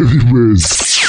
Anyways.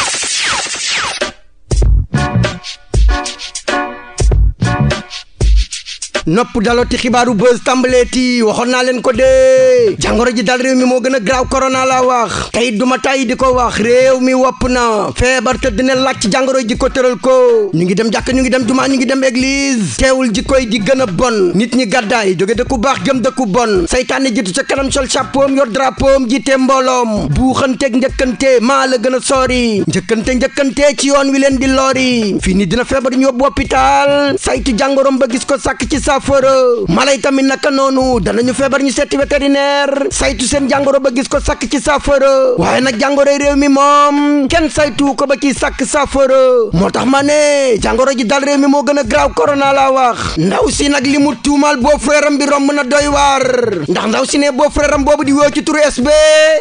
nopp dalooti xibaaru buzz tàmbaleeti waxoon naa leen ko dee jàngoro ji dal réew mi moo gën a graaw korona la wax tey duma tàyyi di ko wax réew mi wopp na feebar te dina laaj ci jàngoro ji ko tëral ko ñu ngi dem jàkk ñu ngi dem jumaa ñu ngi dem église teewul ji koy di gën a bon nit ñi gàddaay jóge dëkku baax jëm dëkku bon saytaane jiitu ca kanam sol chapeau yor drapeau jiite mbooloom buuxanteeg njëkkante maa la gën a soori njëkkante njëkkante ci yoon wi leen di loori fii nii dina feebar ñu yóbbu hôpital saytu jàngoroom ba gis ko sàkk ci sa saafara mala yi tamit naka noonu danañu feebar ñu seeti vétérinaire saytu seen jàngoro ba gis ko sakk ci saafara waaye nag jàngoroy réew mi moom kenn saytu ko ba ci sàkk saafara moo tax ma ne jàngoro ji dal réew mi moo gën a graaw corona la wax ndaw si nag li mu tuumal boo frèram bi a na doy waar ndax ndaw si ne boo frèram boobu di woo ci turu SB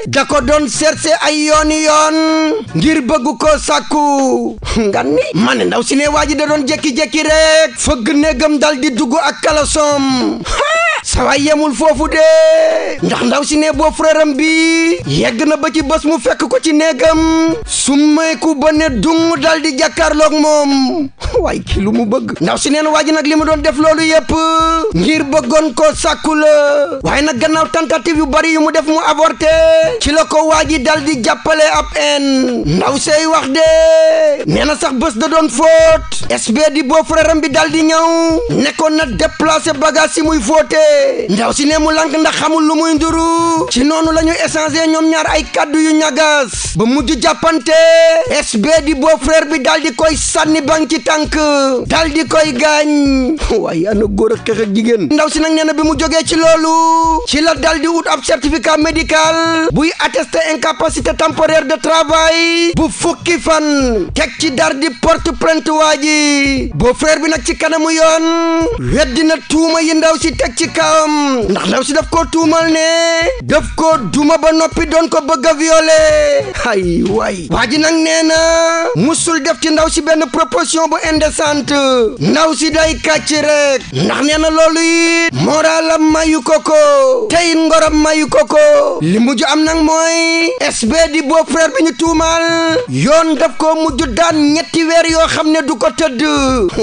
da ko doon cherché ay yooni yoon ngir bëgg ko sàkku nga ni ma ne ndaw si ne waa ji da doon jekki rek fëgg néegam dal di dugg kalasoom sawaay yemul foofu de ndax ndaw si ne boo frère bi yegg na ba ci bés mu fekk ko ci néegam su mayku ba ne dung dal di jàkkaarloog moom waay ki lu mu bëgg ndaw si neen waa ji nag li mu doon def loolu yépp ngir bëggoon ko sàkku la waaye nag gannaaw tentative yu bari yu mu def mu avorté ci la ko waa ji dal di jàppale ab en ndaw sey wax de nee sax bés da doon fóot sb di boo frère bi dal di nekkoon nag déplacé bagage si muy fóotee ndaw si ne mu lank ndax xamul lu muy nduru ci noonu la ñu échangé ñoom ñaar ay kaddu yu ñagas ba mujj jàppante sb di beau frère bi daal di koy sànni bang ci tànk daal di koy gaañ waaye ana góor ak xeex ak jigéen ndaw si nag nee na bi mu jogee ci loolu ci la daal di wut ab certificat médical buy attesté incapacité temporaire de travail bu fukki fan teg ci dar di porte plainte waa ji bi nag ci kanamu yoon weddi na tuuma yi ndaw si teg ci kaw yaram ndax ndaw si def koo tuumal ne def koo duma ba noppi doon ko bëgg a violé ay waay waa ji nag nee na musul def ci ndaw si benn proposition bu indécente ndaw si day kàcc rek ndax nee na loolu it moralam mayu ko ko tey ngoram mayu ko ko li mujj am nag mooy sb di beau frère bi ñu tuumal yoon daf ko mujj daan ñetti weer yoo xam ne du ko tëdd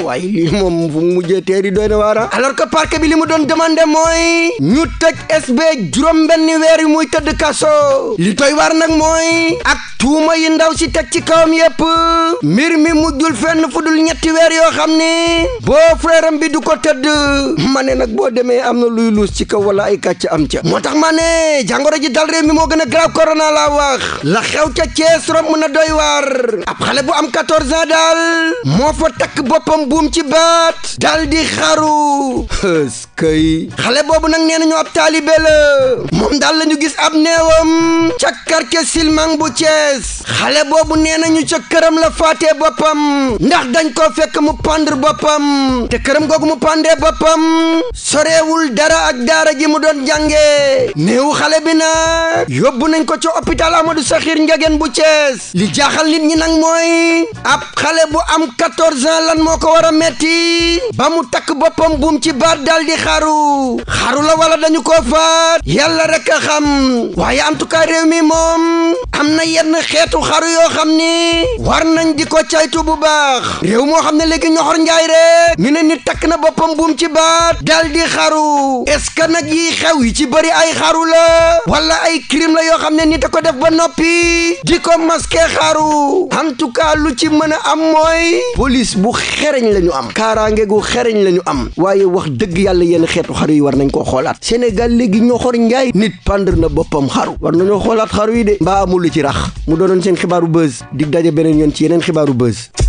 waaye moom fu mujjee teeri doy na waara ah. alors que parquet bi li mu doon demandé mooy ñu tëj SB juróom benn weer yi muy tëdd kaso li toy war nag mooy ak tuuma yi ndaw si teg ci kawam yépp mbir mi mujjul fenn fu dul ñetti weer yoo xam ne boo frère bi du ko tëdd ma ne nag boo demee am na luy luus ci kaw wala ay kàcc am ca moo tax ma ne jàngoro ji dal réew mi moo gën a grave corona laa wax la xew ca Cees romb na doy waar ab xale bu am 14 ans daal moo fa takk boppam buum ci baat dal di xaru ëskay xale boobu nag nee nañu ab taalibe la moom daal la ñu gis ab néewam ca quartier Silmang bu Thiès xale boobu nee nañu ca këram la faatee boppam ndax dañ ko fekk mu pendre boppam te këram googu mu pandee boppam soreewul dara ak daara ji mu doon jàngee néewu xale bi na yóbbu nañ ko ca hôpital Amadou Sakhir Ndiagène bu Thiès li jaaxal nit ñi nag mooy ab xale bu am 14 ans lan moo ko war metti ba mu takk boppam buum ci baat daal di xaru xaru la wala dañu koo faat yàlla rek a xam waaye en tout cas réew mi moom am na yenn xeetu xaru yoo xam ni war nañ di ko caytu bu baax réew moo xam ne léegi ñoxor njaay rek ñu ne nit takk na boppam buum ci baat dal di xaru est ce que nag yi xew yi ci bëri ay xaru la wala ay crime la yoo xam ne nit a ko def ba noppi di ko masqué xaru en tout cas lu ci mën a am mooy police bu xereñ la ñu am kaaraange gu xereñ la am waaye wax dëgg yàlla yenn xeetu xaru yi war nañ koo xoolaat Sénégal léegi ñoxor njaay nit pàndar na boppam xaru war lu ci rax mu doonoon seen xibaaru buzz dig daje beneen yoon ci yeneen xibaaru buzz